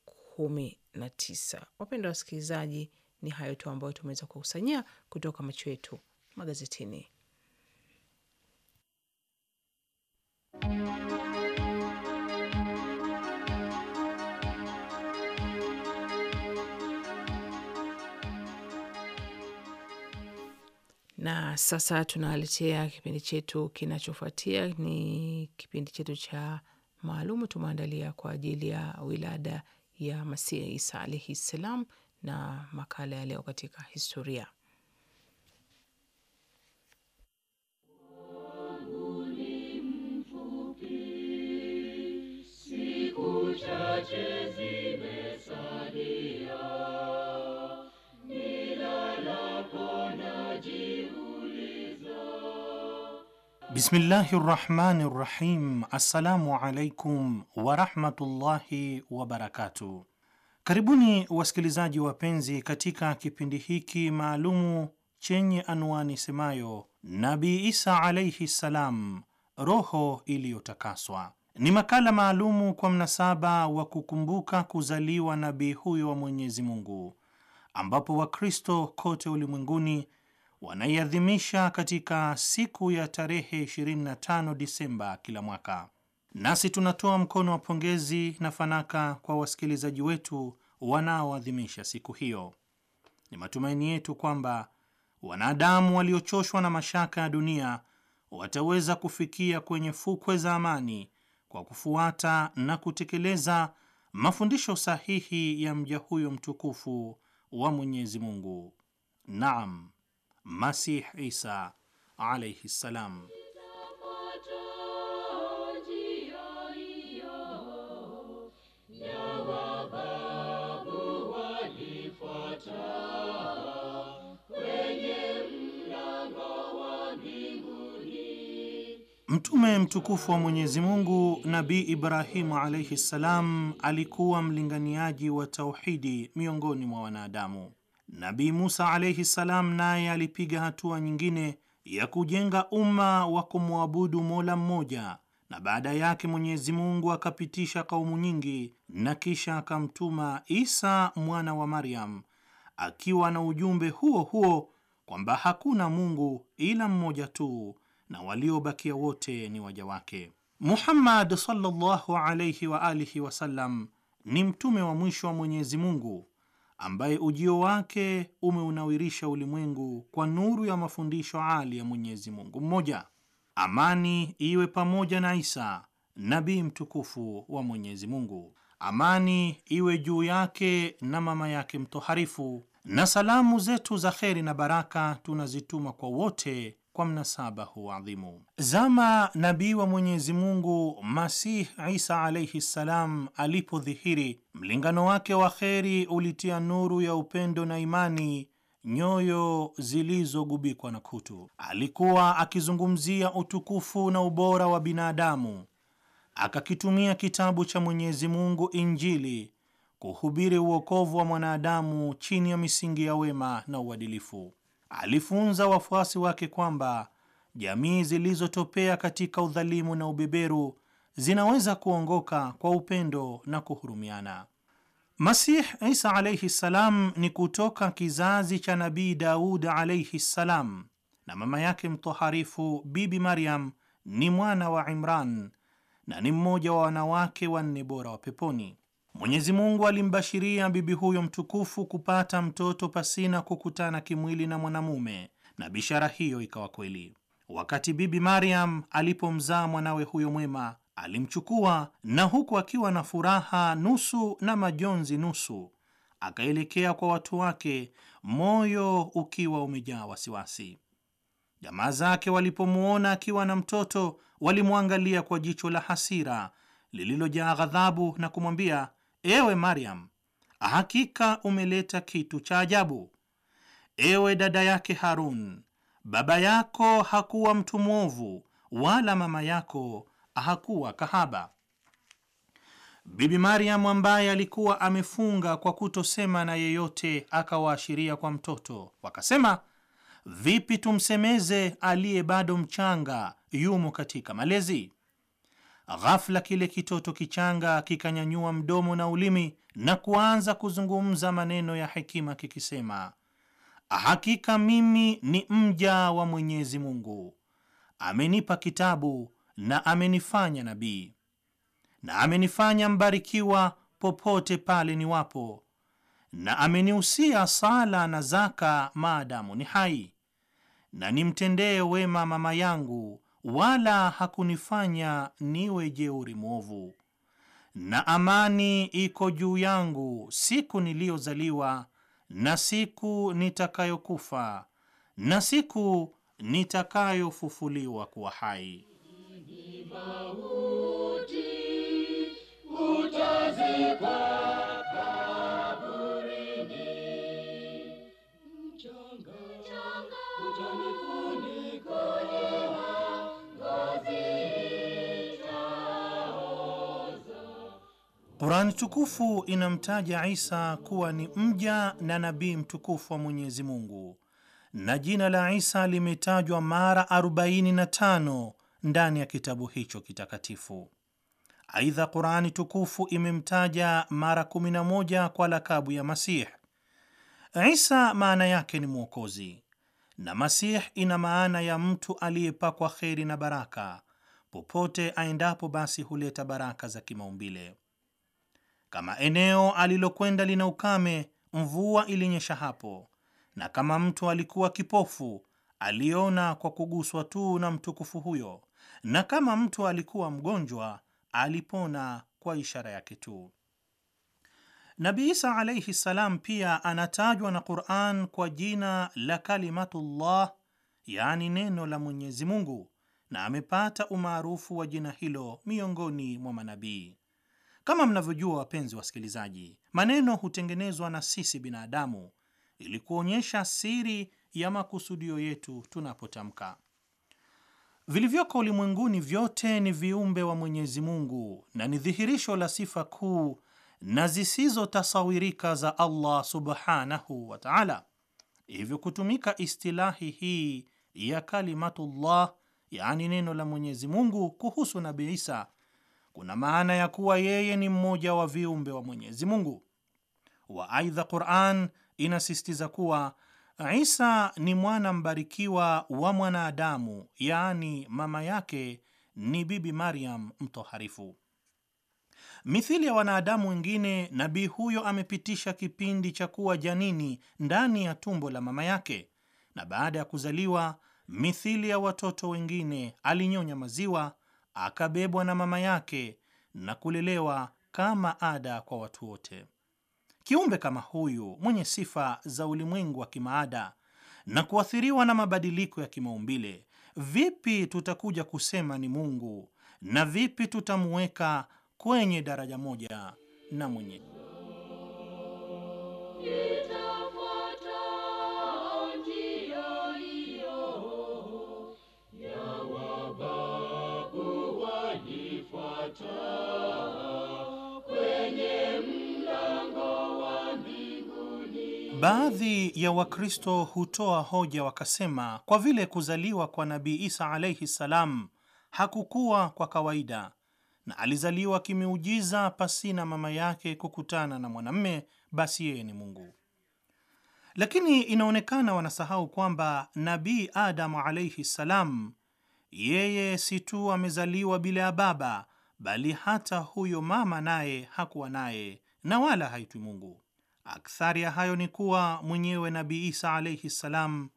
kumi na tisa. Wapendwa wasikilizaji ni hayo tu ambayo tumeweza kukusanyia kutoka macho yetu magazetini. Na sasa tunaletea kipindi chetu kinachofuatia. Ni kipindi chetu cha maalumu tumeandalia kwa ajili ya wilada ya Masihi Isa alaihi ssalam na makala ya leo katika historia.
Bismillahi rahmani rahim. Assalamu alaikum warahmatullahi wabarakatuh. Karibuni wasikilizaji wapenzi, katika kipindi hiki maalumu chenye anwani semayo Nabii Isa alaihi ssalam, roho iliyotakaswa. Ni makala maalumu kwa mnasaba wa kukumbuka kuzaliwa nabii huyo wa Mwenyezi Mungu, ambapo Wakristo kote ulimwenguni wanaiadhimisha katika siku ya tarehe 25 Disemba kila mwaka. Nasi tunatoa mkono wa pongezi na fanaka kwa wasikilizaji wetu wanaoadhimisha siku hiyo. Ni matumaini yetu kwamba wanadamu waliochoshwa na mashaka ya dunia wataweza kufikia kwenye fukwe za amani kwa kufuata na kutekeleza mafundisho sahihi ya mja huyo mtukufu wa Mwenyezi Mungu. Naam, Masih Isa alaihi ssalam. Mtume mtukufu wa Mwenyezi Mungu Nabii Ibrahimu alayhi ssalam alikuwa mlinganiaji wa tauhidi miongoni mwa wanadamu. Nabii Musa alayhi ssalam naye alipiga hatua nyingine ya kujenga umma wa kumwabudu Mola mmoja, na baada yake Mwenyezi Mungu akapitisha kaumu nyingi na kisha akamtuma Isa mwana wa Maryam akiwa na ujumbe huo huo kwamba hakuna Mungu ila mmoja tu na waliobakia wote ni waja wake. Muhammad sallallahu alayhi wa alihi wasallam ni mtume wa mwisho wa Mwenyezi Mungu ambaye ujio wake umeunawirisha ulimwengu kwa nuru ya mafundisho ali ya Mwenyezi Mungu mmoja. Amani iwe pamoja na Isa nabii mtukufu wa Mwenyezi Mungu, amani iwe juu yake na mama yake mtoharifu, na salamu zetu za kheri na baraka tunazituma kwa wote kwa mnasaba huu adhimu. Zama nabii wa Mwenyezi Mungu Masih Isa alaihi ssalam alipodhihiri, mlingano wake wa kheri ulitia nuru ya upendo na imani nyoyo zilizogubikwa na kutu. Alikuwa akizungumzia utukufu na ubora wa binadamu, akakitumia kitabu cha Mwenyezi Mungu, Injili, kuhubiri uokovu wa mwanadamu chini ya misingi ya wema na uadilifu alifunza wafuasi wake kwamba jamii zilizotopea katika udhalimu na ubeberu zinaweza kuongoka kwa upendo na kuhurumiana. Masih Isa alaihi ssalam ni kutoka kizazi cha Nabii Daud alaihi ssalam, na mama yake mtoharifu Bibi Maryam ni mwana wa Imran na ni mmoja wa wanawake wanne bora wa peponi. Mwenyezi Mungu alimbashiria bibi huyo mtukufu kupata mtoto pasina kukutana kimwili na mwanamume, na bishara hiyo ikawa kweli. Wakati bibi Mariam alipomzaa mwanawe huyo mwema, alimchukua na huku akiwa na furaha nusu na majonzi nusu, akaelekea kwa watu wake, moyo ukiwa umejaa wasiwasi. Jamaa zake walipomwona akiwa na mtoto, walimwangalia kwa jicho la hasira lililojaa ghadhabu na kumwambia Ewe Maryam, hakika umeleta kitu cha ajabu. Ewe dada yake Harun, baba yako hakuwa mtu mwovu, wala mama yako hakuwa kahaba. Bibi Maryam, ambaye alikuwa amefunga kwa kutosema na yeyote, akawaashiria kwa mtoto. Wakasema, vipi tumsemeze aliye bado mchanga, yumo katika malezi? Ghafla kile kitoto kichanga kikanyanyua mdomo na ulimi na kuanza kuzungumza maneno ya hekima kikisema, hakika mimi ni mja wa Mwenyezi Mungu, amenipa kitabu na amenifanya nabii na amenifanya mbarikiwa popote pale niwapo, na amenihusia sala na zaka maadamu ni hai, na nimtendee wema mama yangu wala hakunifanya niwe jeuri mwovu, na amani iko juu yangu siku niliyozaliwa na siku nitakayokufa na siku nitakayofufuliwa kuwa hai.
Mauti
utazikwa
Qurani tukufu inamtaja Isa kuwa ni mja na nabii mtukufu wa Mwenyezi Mungu, na jina la Isa limetajwa mara 45 ndani ya kitabu hicho kitakatifu. Aidha, Qurani tukufu imemtaja mara 11 kwa lakabu ya Masih. Isa maana yake ni mwokozi, na Masih ina maana ya mtu aliyepakwa kheri na baraka. Popote aendapo, basi huleta baraka za kimaumbile. Kama eneo alilokwenda lina ukame, mvua ilinyesha hapo, na kama mtu alikuwa kipofu, aliona kwa kuguswa tu na mtukufu huyo, na kama mtu alikuwa mgonjwa, alipona kwa ishara yake tu. Nabi Isa alaihi ssalam pia anatajwa na Quran kwa jina la Kalimatullah, yaani neno la Mwenyezi Mungu, na amepata umaarufu wa jina hilo miongoni mwa manabii. Kama mnavyojua wapenzi wasikilizaji, maneno hutengenezwa na sisi binadamu ili kuonyesha siri ya makusudio yetu tunapotamka. Vilivyoko ulimwenguni vyote ni viumbe wa Mwenyezi Mungu na ni dhihirisho la sifa kuu na zisizotasawirika za Allah subhanahu wa taala. Hivyo kutumika istilahi hii ya Kalimatullah, yaani neno la Mwenyezi Mungu kuhusu Nabii Isa kuna maana ya kuwa yeye ni mmoja wa viumbe wa Mwenyezi Mungu. wa Aidha, Quran inasisitiza kuwa Isa ni mwana mbarikiwa wa mwanadamu, yaani mama yake ni Bibi Maryam mtoharifu. Mithili ya wanadamu wengine, nabii huyo amepitisha kipindi cha kuwa janini ndani ya tumbo la mama yake, na baada ya kuzaliwa, mithili ya watoto wengine, alinyonya maziwa akabebwa na mama yake na kulelewa kama ada kwa watu wote. Kiumbe kama huyu mwenye sifa za ulimwengu wa kimaada na kuathiriwa na mabadiliko ya kimaumbile, vipi tutakuja kusema ni Mungu na vipi tutamuweka kwenye daraja moja na mwenyewe? Baadhi ya Wakristo hutoa hoja wakasema, kwa vile kuzaliwa kwa Nabii Isa alaihi salam hakukuwa kwa kawaida na alizaliwa kimeujiza pasina mama yake kukutana na mwanamme, basi yeye ni Mungu. Lakini inaonekana wanasahau kwamba Nabii Adamu alaihi ssalam, yeye si tu amezaliwa bila ya baba, bali hata huyo mama naye hakuwa naye na wala haitwi Mungu. Akthari ya hayo ni kuwa mwenyewe Nabii Isa alaihi ssalam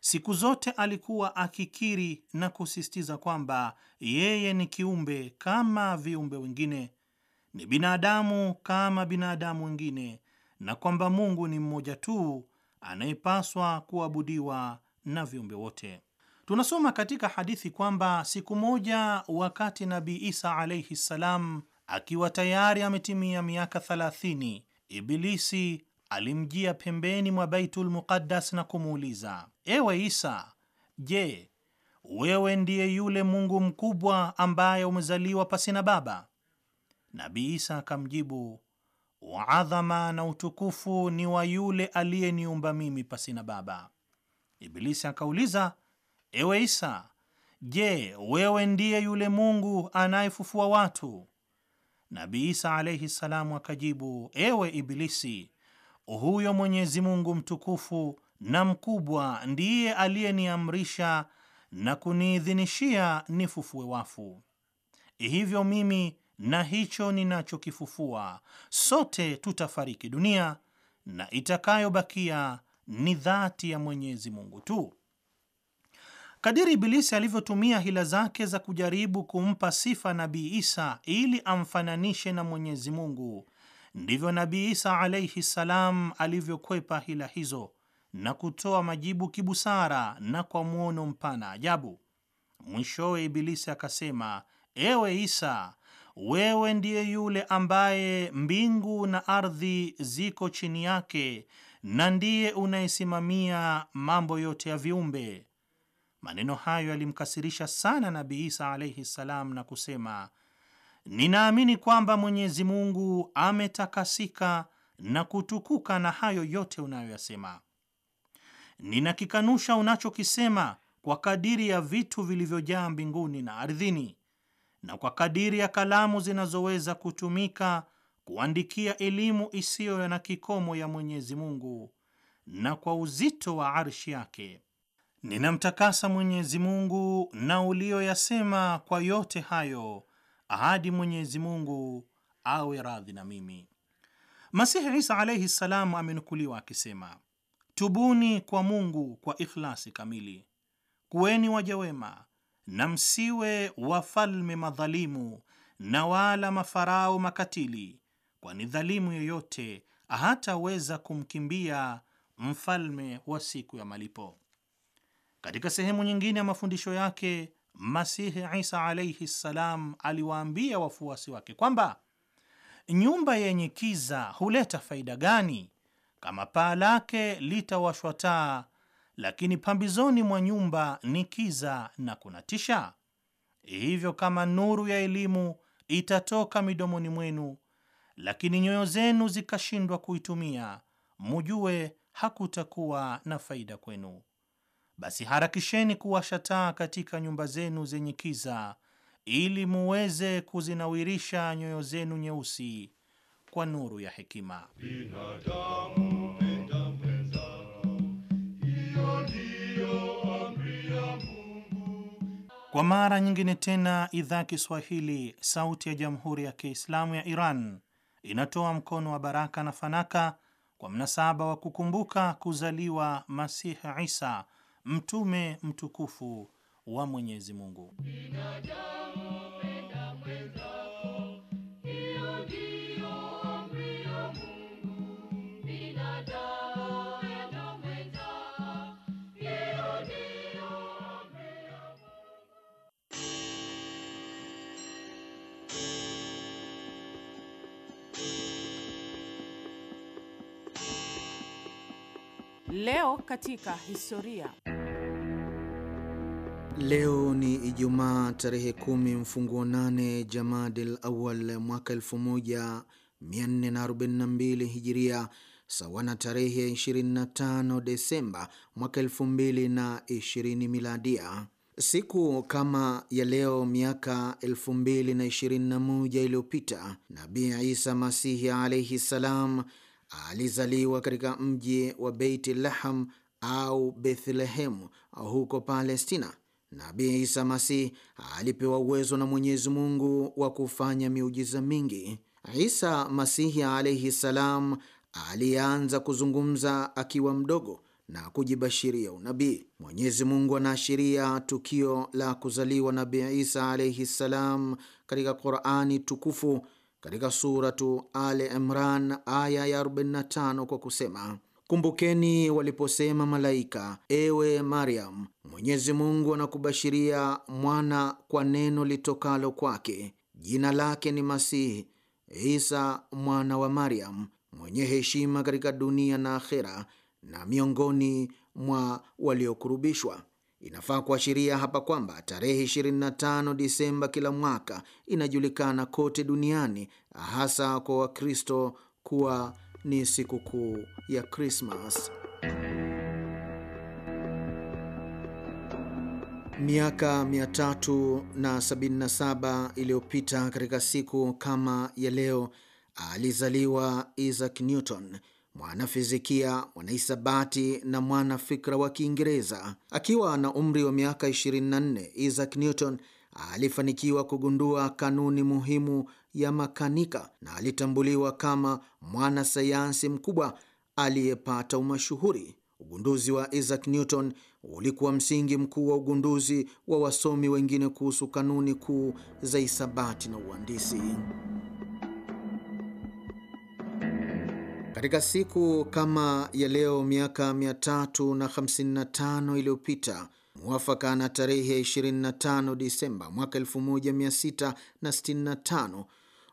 siku zote alikuwa akikiri na kusisitiza kwamba yeye ni kiumbe kama viumbe wengine, ni binadamu kama binadamu wengine, na kwamba Mungu ni mmoja tu anayepaswa kuabudiwa na viumbe wote. Tunasoma katika hadithi kwamba siku moja, wakati Nabii Isa alaihi ssalam akiwa tayari ametimia miaka 30 Ibilisi alimjia pembeni mwa Baitul Muqaddas na kumuuliza, ewe Isa, je, wewe ndiye yule Mungu mkubwa ambaye umezaliwa pasina baba? Nabii Isa akamjibu, uadhama na utukufu ni wa yule aliyeniumba mimi pasina baba. Ibilisi akauliza, ewe Isa, je, wewe ndiye yule Mungu anayefufua watu? Nabi Isa alaihi ssalamu akajibu, ewe Ibilisi, huyo Mwenyezi Mungu mtukufu na mkubwa ndiye aliyeniamrisha na kuniidhinishia nifufue wafu, hivyo mimi na hicho ninachokifufua sote tutafariki dunia na itakayobakia ni dhati ya Mwenyezi Mungu tu. Kadiri Ibilisi alivyotumia hila zake za kujaribu kumpa sifa Nabii Isa ili amfananishe na Mwenyezi Mungu, ndivyo Nabii Isa alaihi ssalam alivyokwepa hila hizo na kutoa majibu kibusara na kwa mwono mpana ajabu. Mwishowe Ibilisi akasema, ewe Isa, wewe ndiye yule ambaye mbingu na ardhi ziko chini yake na ndiye unayesimamia mambo yote ya viumbe Maneno hayo yalimkasirisha sana Nabi Isa alaihi ssalam, na kusema, ninaamini kwamba Mwenyezi Mungu ametakasika na kutukuka na hayo yote unayoyasema. Ninakikanusha unachokisema kwa kadiri ya vitu vilivyojaa mbinguni na ardhini na kwa kadiri ya kalamu zinazoweza kutumika kuandikia elimu isiyo na kikomo ya Mwenyezi Mungu na kwa uzito wa arshi yake Ninamtakasa Mwenyezi Mungu na uliyoyasema kwa yote hayo ahadi Mwenyezi Mungu awe radhi na mimi. Masihi Isa alaihi ssalam amenukuliwa akisema, tubuni kwa Mungu kwa ikhlasi kamili, kuweni wajawema na msiwe wafalme madhalimu na wala mafarao makatili, kwani dhalimu yoyote hataweza kumkimbia mfalme wa siku ya malipo. Katika sehemu nyingine ya mafundisho yake Masihi Isa alaihi ssalam aliwaambia wafuasi wake kwamba nyumba yenye kiza huleta faida gani kama paa lake litawashwa taa, lakini pambizoni mwa nyumba ni kiza na kunatisha? Hivyo kama nuru ya elimu itatoka midomoni mwenu, lakini nyoyo zenu zikashindwa kuitumia, mujue hakutakuwa na faida kwenu basi harakisheni kuwasha taa katika nyumba zenu zenye kiza, ili muweze kuzinawirisha nyoyo zenu nyeusi kwa nuru ya hekima.
Binadamu,
Kwa mara nyingine tena idhaa Kiswahili sauti ya jamhuri ya Kiislamu ya Iran inatoa mkono wa baraka na fanaka kwa mnasaba wa kukumbuka kuzaliwa Masihi Isa mtume mtukufu wa Mwenyezi Mungu.
Leo katika historia
Leo ni Ijumaa tarehe kumi mfunguo nane Jamadil Awal mwaka 1442 Hijiria, sawa na tarehe 25 Desemba mwaka 2020 Miladia. Siku kama ya leo miaka 2021 iliyopita Nabii Isa Masihi alaihi ssalam alizaliwa katika mji wa Beit Laham au Bethlehemu huko Palestina nabi Isa Masih alipewa uwezo na Mwenyezi Mungu wa kufanya miujiza mingi. Isa Masihi alaihi salam alianza kuzungumza akiwa mdogo na kujibashiria unabii. Mwenyezi Mungu anaashiria tukio la kuzaliwa nabi Isa alaihi salam katika Qurani tukufu katika Suratu Al Imran aya ya 45 kwa kusema Kumbukeni waliposema malaika, ewe mariam Mwenyezi Mungu anakubashiria mwana kwa neno litokalo kwake, jina lake ni Masihi Isa mwana wa mariam mwenye heshima katika dunia na akhera, na miongoni mwa waliokurubishwa. Inafaa kuashiria hapa kwamba tarehe 25 Disemba kila mwaka inajulikana kote duniani, hasa kwa Wakristo kuwa ni sikukuu ya Krismas. Miaka 377 iliyopita katika siku kama ya leo alizaliwa Isaac Newton, mwanafizikia, mwanahisabati na mwanafikra wa Kiingereza. Akiwa na umri wa miaka 24, Isaac Newton alifanikiwa kugundua kanuni muhimu ya makanika na alitambuliwa kama mwanasayansi mkubwa aliyepata umashuhuri. Ugunduzi wa Isaac Newton ulikuwa msingi mkuu wa ugunduzi wa wasomi wengine kuhusu kanuni kuu za hisabati na uhandisi. Katika siku kama ya leo miaka 355 iliyopita mwafaka na tarehe ya 25 Disemba mwaka 1665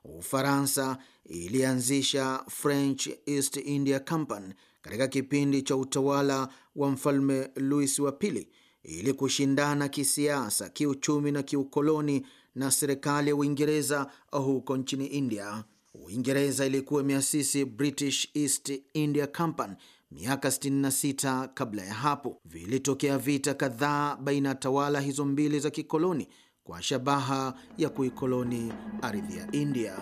Ufaransa ilianzisha French East India Company katika kipindi cha utawala wa mfalme Louis wa pili ili kushindana kisiasa, kiuchumi na kiukoloni na serikali ya Uingereza huko nchini India. Uingereza ilikuwa imeasisi British East India Company miaka 66 kabla ya hapo. Vilitokea vita kadhaa baina ya tawala hizo mbili za kikoloni kwa shabaha ya kuikoloni ardhi ya India.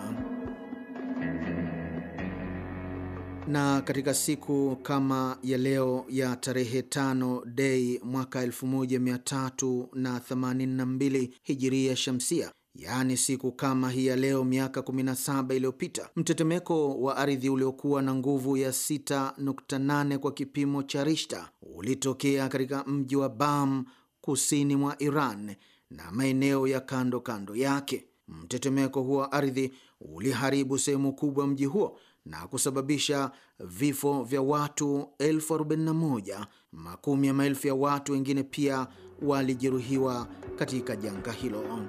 Na katika siku kama ya leo ya tarehe tano Dei mwaka 1382 hijiria shamsia Yaani, siku kama hii ya leo miaka 17 iliyopita, mtetemeko wa ardhi uliokuwa na nguvu ya 6.8 kwa kipimo cha Rishta ulitokea katika mji wa Bam kusini mwa Iran na maeneo ya kando kando yake. Mtetemeko huo wa ardhi uliharibu sehemu kubwa mji huo na kusababisha vifo vya watu elfu arobaini na moja. Makumi ya maelfu ya watu wengine pia walijeruhiwa katika janga hilo.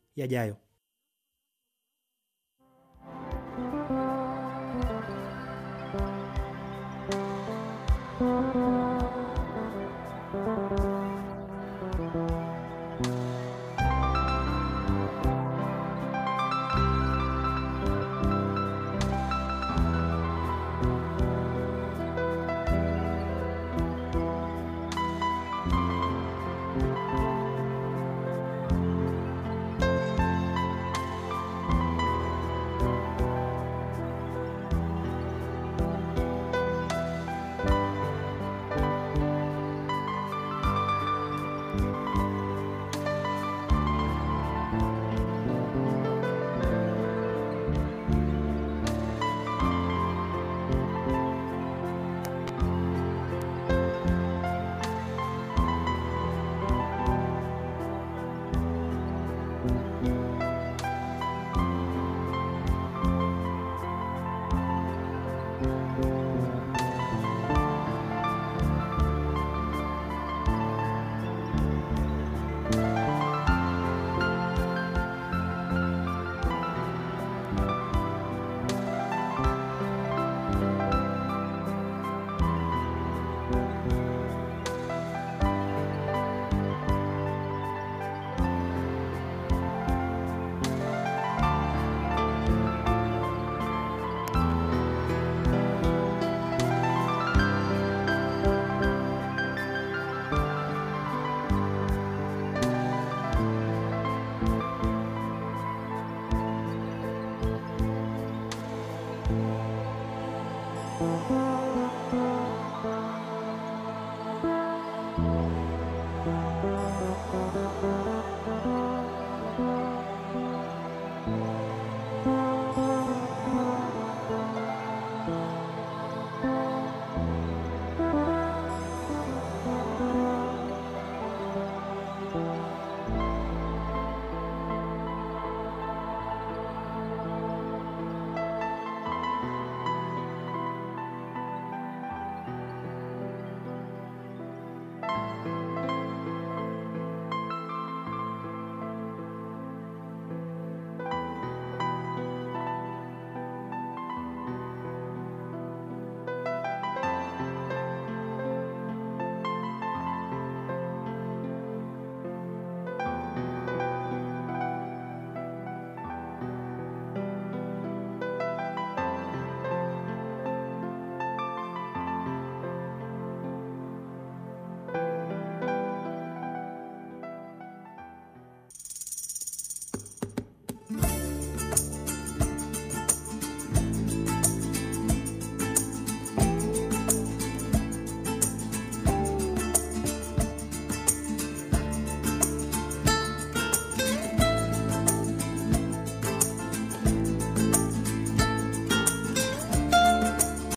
yajayo.